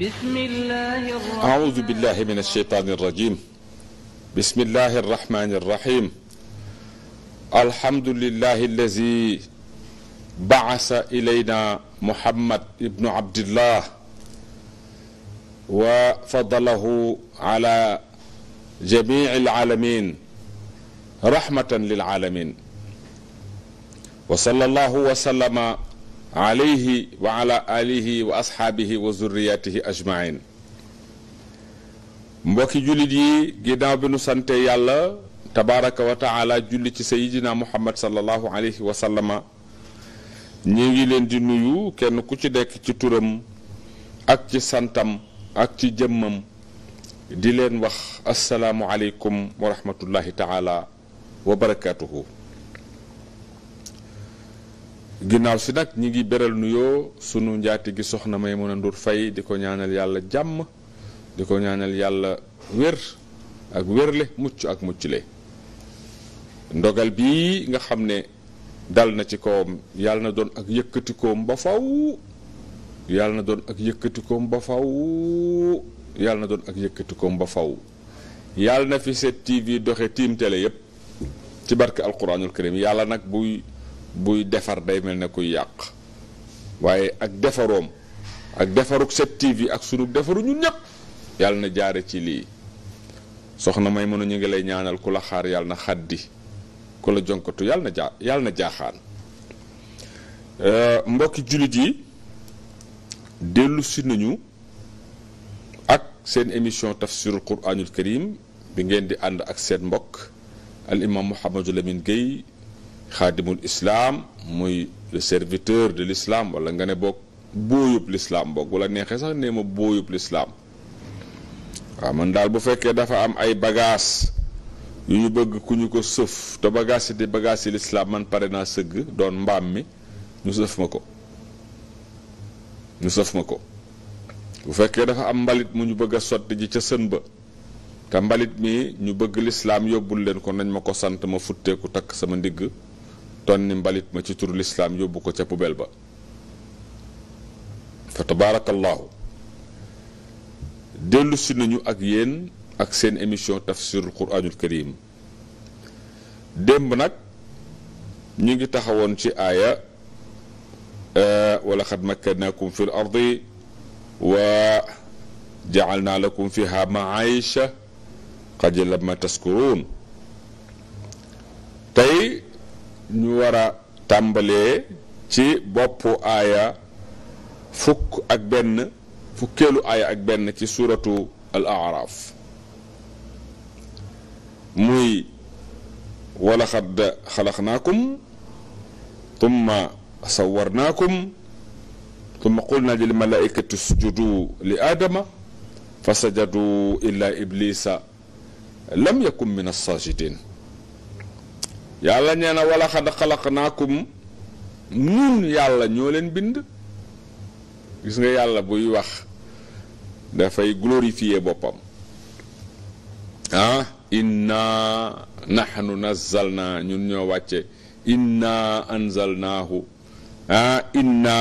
بسم الله الرحمن أعوذ بالله من الشيطان الرجيم بسم الله الرحمن الرحيم الحمد لله الذي بعث إلينا محمد بن عبد الله وفضله على جميع العالمين رحمة للعالمين وصلى الله وسلم alayhi wa ala alihi wa asxaabihi wa zurriyatihi ajmain mbokki jullit yi ginnaaw bi nu sante yàlla tabaraka wa taala julli ci sayidina muhammad salallahu alayhi wa sallama ñi ngi leen di nuyu kenn ku ci nekk ci turam ak ci santam ak ci jëmmam di leen wax asalaamualeykum wa rahmatullahi taala wa barakatuhu ginnaaw si nag ñi ngi beral nuyoo sunu njaati gi soxna Maymuna Ndour Faye di ko ñaanal yàlla jàmm di ko ñaanal yàlla wér ak wérle mucc ak mucc le ndogal bii nga xam ne dal na ci kawam yàlla na doon ak yëkkatikoom ba faw yàlla na doon ak yëkkatikoom ba faw yàlla na doon ak yëkkatikoom ba faw yàlla na fi 7TV doxe tiim télé yépp ci barke alquranul karim yàlla nag buy buy defar day mel ne kuy yàq waaye ak defaroom ak defaruk 7TV ak sunu defaru ñun ñëpp yàlla na jaare ci lii soxna may mën ñu ngi lay ñaanal ku la xaar yàlla na xaddi ku la jonkatu yàlla na jaa yàlla na jaaxaan euh, mbokki jullit yi dellusi nañu ak seen émission tafsirul quranul karim bi ngeen di ànd ak seen mbokk al imam Mouhamadou Lamine Gueye xaadimul islaam muy le serviteur de l'islam wala nga ne bokk booyub l'islam bokk wala neexee sax nee ma booyub l'islam waa man daal bu fekkee dafa am ay bagaas yu ñu bëgg ku ñu ko sëf te bagages yi di bagages yi l'islam man pare naa sëgg doon mbaam mi ñu sëf ma ko ñu sëf ma ko bu fekkee dafa am mbalit mu ñu bëgg sot ji ca sën ba te mbalit mi ñu bëgg lislaam yóbbul leen ko nañ ma ko sant ma futteeku takk sama ndigg tonni nimbalit ma ci turu yóbbu ko ca poubelle ba fa dellu si nañu ak yéen ak seen émission tafsirul quraanul karim démb nag ñu ngi taxawoon ci aaya wala xad makkannaakum fi l wa jacalnaa lakum fiha maayisha qalilan ma taskuruun tey ñu war a tàmbalee ci boppu aya fukk ak benn ak benn ci suuratu al aaraaf muy walaxad xalaqnaakum tumma sawarnaakum tumma qulna lil malaikati usjudu li aadama fa sajadu illa iblisa lam yakun min alsaajidin yàlla nee na wala xad xalaqnaakum nun yàlla ñoo leen bind gis nga yàlla buy wax dafay glorifier boppam ah inna nahnu nazzalna ñun ñoo wàcce inna anzalnaahu ah inna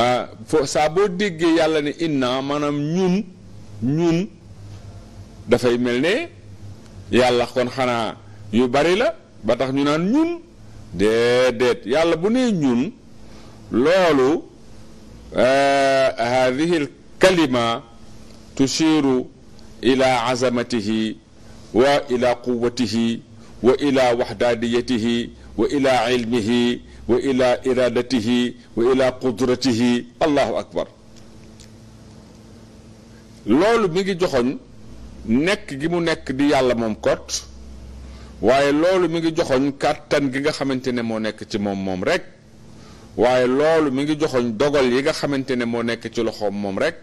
ah fo saa boo déggee yàlla ne inna maanaam ñun ñun dafay mel ne yàlla kon xanaa yu bari la ba tax ñu naan ñun déedéet yàlla bu nee ñun loolu hadihi euh, l kalima tushiru ila azamatihi wa ila quwatihi wa ila waxdaaniyatihi wa ila ilmihi wa ila iradatihi wa ila qudratihi allahu akbar loolu mi ngi joxoñ nekk gi mu nekk di yàlla moom kot waaye loolu mi ngi joxoñ kàttan gi nga xamante ne moo nekk ci moom moom rek waaye loolu mi ngi joxoñ dogal yi nga xamante ne moo nekk ci loxoom moom rek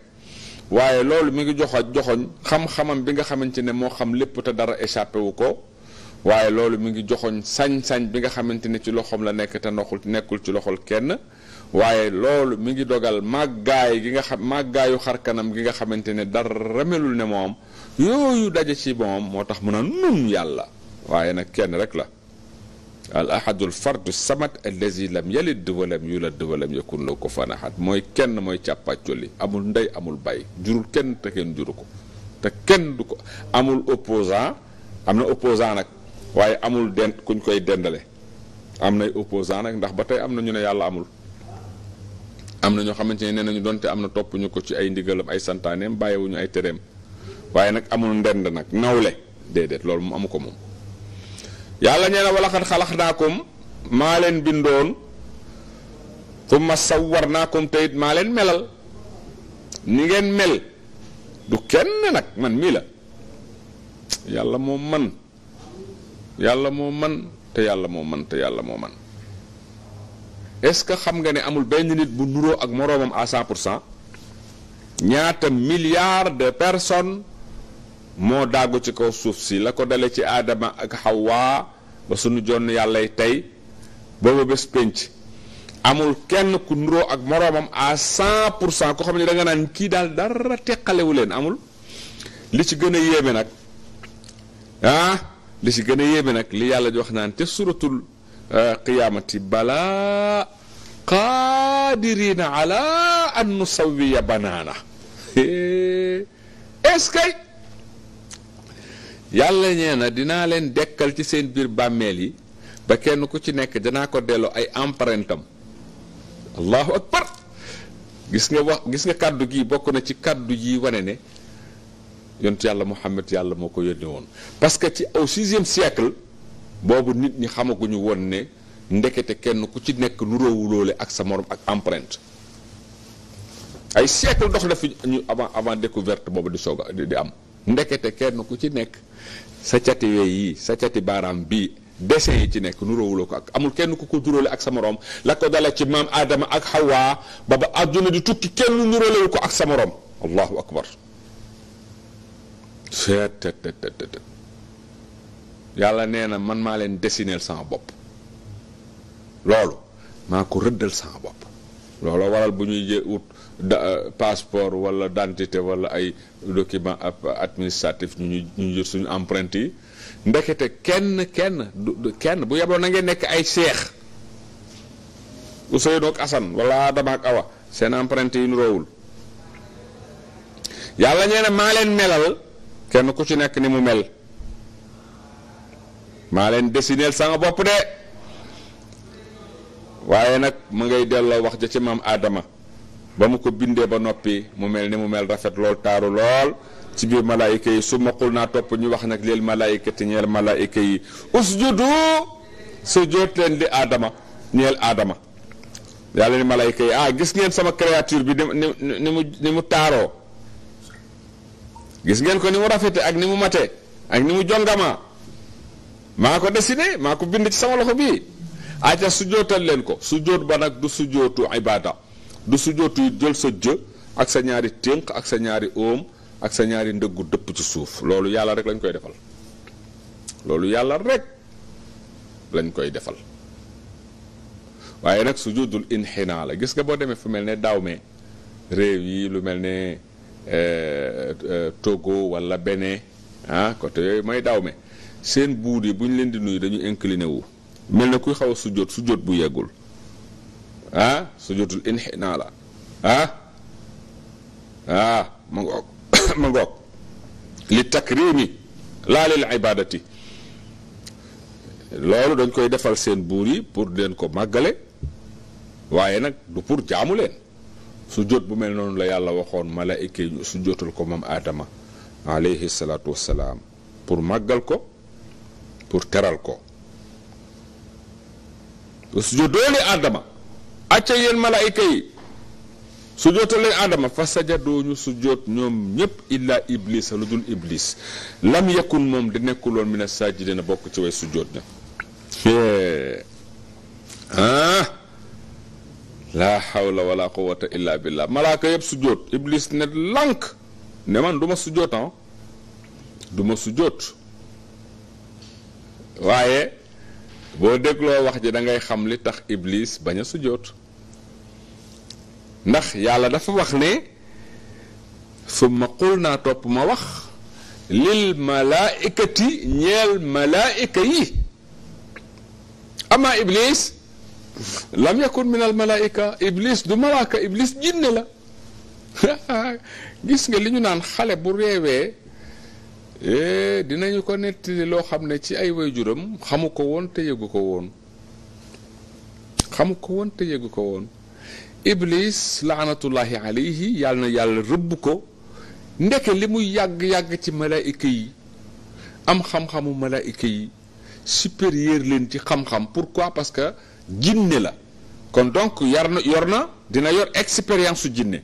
waaye loolu mi ngi joxoñ joxoñ xam bi nga xamante ne moo xam lépp te dara échappé wu ko waaye loolu mi ngi joxoñ sañ-sañ bi nga xamante ne ci loxoom la nekk te ndoxul nekkul ci loxol kenn waaye loolu mi ngi dogal màggaay gi nga xam màggaayu xarkanam gi nga xamante ne dara melul ne moom yooyu daje ci moom moo tax mun a nun yàlla waaye nag kenn rek la al ahadul fardu samad allazi lam yalid yu la walam yakun lahu ko ahad mooy kenn mooy càppaacoli amul ndey amul bàyyi jurul kenn te kenn juru ko te kenn du ko amul opposant am na opposant nag waaye amul dent kuñ koy dendale am nay opposant nag ndax ba tey am na ñu ne yàlla amul am na ñoo xamante ne nee nañu donte am na toppuñu ko ci ay ndigalam ay santaaneem bàyyiwuñu ay tereem waaye nag amul ndend nag nawle déedéet loolu moom amu ko moom yàlla nee na naa koom maa leen bindoon thumma naa koom it maa leen melal ni ngeen mel du kenn nag man mii la yàlla moo man yàlla moo man te yàlla moo man te yàlla moo man est-ce que xam nga ni amul benn nit bu nuróo ak moroomam à cent pour cent ñaata milliards de personnes moo dàggu ci kaw suuf si la ko dale ci aadama ak xawaa ba sunu jonn yàllay tey booba bés pénc amul kenn ku nuroo ak moroomam a cent pour cent ko xam ni danga naan kii daal dara teqalewu leen amul li ci gën a yéeme nag ah li ci gën a yéeme nag li yàlla di wax naan te suratul euh, qiyaamati balaa qaadiriina ala an nusawiya banaana est-ce yàlla ñee na dinaa leen dekkal ci seen biir bàmmeel yi ba kenn ku ci nekk danaa ko delloo ay empreinte am allahu akbar gis nga wax gis nga kàddu gi bokk na ci kàddu yi wane ne yont yàlla Muhammad yàlla moo ko yónni woon parce que ci au sixième siècle boobu nit ñi xamaguñu woon ne ndekete kenn ku ci nekk nuroowu loole ak sa moroom ak empreinte ay siècle dox na fi ñu avant avant découverte boobu di soog di am ndekete kenn ku ci nekk sa cati wey yi sa cati baaraam bii dessin yi ci nekk nuróowuloo ko ak amul kenn ku ko juróole ak sa moroom la ko dala ci maam aadama ak xawaa ba ba àdduna di tukki kenn nuróolewu ko ak sa moroom allahu akbar seet yàlla nee na man maa leen dessineel sama bopp loolu maa ko rëddal sama bopp loolu waral bu ñuy wut da euh, passeport wala d'identité wala ay document administratif ñu ñu jël suñu empreinte yi ndekete kenn kenn kenn bu yeboon a ngeen nekk ay seex Ousseynou ak Assane wala Adama ak Awa seen empreinte yi ñu roowul yàlla nee na maa leen melal kenn ku ci nekk ni mu mel maa leen dessineel sama bopp de waaye nag mu ngay delloo wax ja ci maam Adama ba mu ko bindee ba noppi mu mel ni mu mel rafet lool taaru lool ci biir malaayika yi su maqul naa topp ñu wax nag leel malaayikati ñeel malaayika yi usjudu sujjóot leen di aadama ñeel aadama yàlla ni malaayika yi ah gis ngeen sama créature bi ni ni mu ni mu taaroo gis ngeen ko ni mu rafete ak ni mu mate ak ni mu jongama maa ko dessiné maa ko bind ci sama loxo bi bii aca sujjóotal leen ko sujjóot ba nag du sujjóotu ibaada du sujootu yi jël sa jë ak sa ñaari ténk ak sa ñaari óom ak sa ñaari ndëggu dëpp ci suuf loolu yàlla rek lañ koy defal loolu yàlla rek lañ koy defal waaye nag sujudul inxinaa la gis nga boo demee fu mel ne daaw me réew yi lu mel ni eh, eh, Togo walla Benin ah côté yooyu mooy daaw me seen buur yi bu ñu leen di nuyu dañu incliné wu mel na kuy xaw a sujjóot sujjóot bu yeggul ah sujudul inxinaa la ah ah ma ngoog ma ngoog li takrimi laa lil ibadati loolu dañ koy defal seen buur yi pour leen ko màggale waaye nag du pour jaamu leen su jot bu mel noonu la yàlla waxoon malaayika yi su jotul ko moom aadama alayhi salaatu wassalaam pour màggal ko pour teral ko su jot adama acca yéen malaayka yi su jootal leen fa sajadoo ñu su joot ñoom ñépp illaa iblis lu dul iblis lam yakun moom di nekkuloon mi ne sajidina bokk ci way su joot ña ah laa hawla wala quwata illa billah malaaka yépp su joot iblis ne lànk ne man du ma su jootan ah. du waaye boo dégloo wax ji dangay xam li tax ibliis bañ a sujjóot ndax yàlla dafa wax ne summa qul naa topp ma wax lil malaaikati ñeel malaaika yi ama iblis lam yakun min al malaaika iblis du malaaka iblis jinne la gis nga li ñu naan xale bu réewee Eh, dinañu ko nettali loo xam ne ci ay waajuram xamu ko woon te ko woon xamu ko woon te yëgu ko woon iblis laanatullahi alayhi yàlla na yàlla rëbb ko ndeke li muy yàgg-yàgg ci malaayika yi am xam-xamu malaayika yi supérieur leen ci xam-xam pourquoi parce que jinne la kon donc yar na yor na dina yor expérience su jinne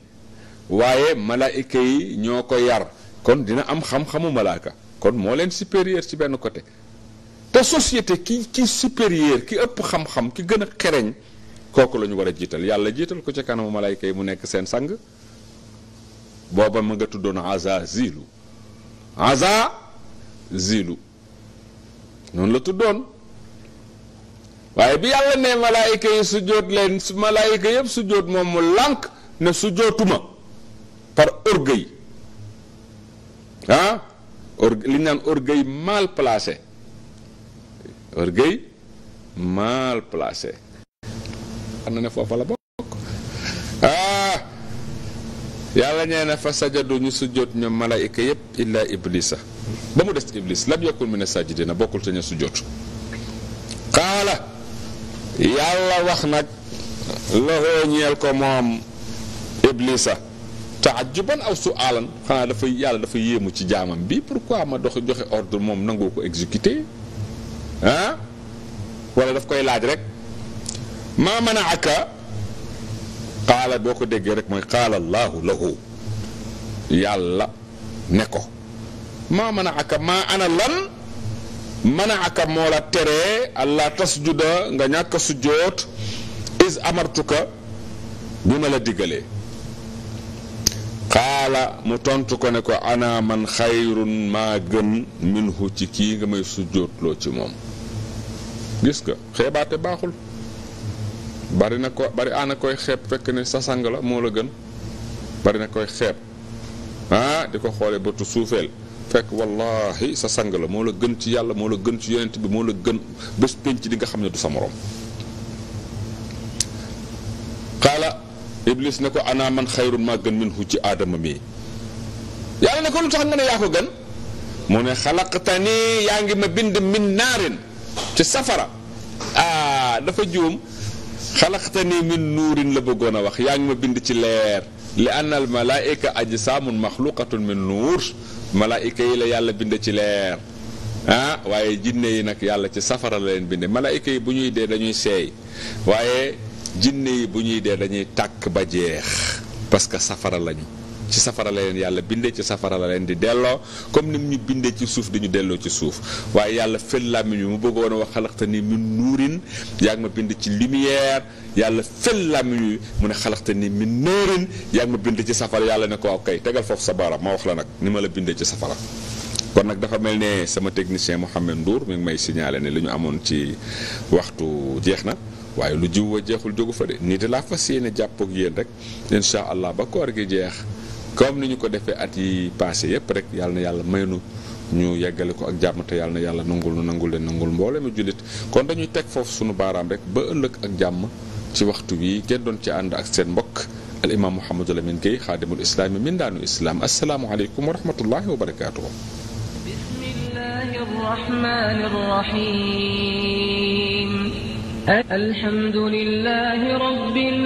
waaye malaayika yi ñoo ko yar kon dina am xam-xamu kon moo leen supérieur ci benn côté te société ki ki supérieur ki ëpp xam-xam ki gën a xereñ kooku lañu war a jiital yàlla jiital ko ci kanamu malaayka yi mu nekk seen sang booba ma nga tuddoon aza zilu aza zilu noonu la tuddoon waaye bi yàlla ne malaayka yi su leen su malaayka yëpp su jóot moom mu lànk ne su jootuma par orgueil ah or li ñu naan orgueil mal placé orgueil mal placé xam na ne foofa la bokk ah yàlla nee na fa sajadu ñu sujjóot ñoom malaayika yépp illaa iblisa ba mu des iblis lam yokkul mu ne sajidina bokkul te ñu sujjóot qaala yàlla wax nag loxoo ñeel ko moom iblisa taajuban aw su aalan xanaa dafa yàlla dafa yéemu ci jaamam bi pourquoi ma dox joxe ordre moom nangoo ko exécuter ah daf koy laaj rek maa manaaka qaala boo ko déggee rek mooy qaala allaahu lahu yàlla ne ko maa manaaka maa ana lan manaaka moo la teree allah tasjuda nga ñàkk a sujjoot is amartuka bi ma la diggalee qaala mu tontu ko ne ko ana man xayrun maa gën minhu ci kii nga may sujjootloo ci moom gis nga xeebaate baaxul bari na ko bari ana koy xeeb fekk ne sa sang la moo la gën bari na koy xeeb ah di ko xoolee bëtu suufeel fekk wallahi sa sang la moo la gën ci yàlla moo la gën ci yonent bi moo la gën bés penc di nga xam ne du sa morom iblis ne ko ana man xayrun maa gën min hu ci aadama mi yàlla ne ko lu tax nga ne yaa ko gën mu ne xalaqtani yaa ngi ma bind min naarin ci safara ah dafa juum xalaqtani min nuurin la bëggoon a wax yaa ngi ma bind ci leer li annal malaayika ajsaamun maxluqatun min nuur malaayika yi la yàlla bind ci leer ah waaye jinne yi nag yàlla ci safara la leen bind malaayika yi bu ñuy dee dañuy seey waaye jinne yi bu ñuy dee dañuy tàkk ba jeex parce que safara lañu ci safara la leen yàlla bindee ci safara la leen di delloo comme ni mu ñu bindee ci suuf di ñu delloo ci suuf waaye yàlla fel làmmiñ bi mu bëggoon a wax xalaxta mi min nuurin yaa ma bind ci lumière yàlla fel làmmiñ mu ne xalaxta ni min nuurin yaa bind ci safara yàlla ne ko waaw kay tegal foofu sa baaraam ma wax la nag ni ma la bindee ci safara. kon nag dafa mel ne sama technicien Mouhamed Ndour mi ngi may signalé ne li ñu amoon ci waxtu jeex na. waaye lu jiw wa jeexul jógu fa de nii de laa fas yéene jàpp ak yéen rek incha allah ba koor gi jeex comme ni ñu ko defee at yi passé yépp rek yàlla na yàlla may ñu yeggale ko ak jàmm te yàlla na yàlla nangul nu nangu leen nangul mboole mu jullit kon dañuy teg foofu sunu baaraam rek ba ëllëg ak jàmm ci waxtu wi ngeen doon ci ànd ak seen mbokk al imaam Mouhamadou Lamine Guèye xaadimul islaami min daanu islaam asalaamualeykum wa rahmatullahi wa barakaatuhu. bismillahi rahmaani rahim. الحمد لله رب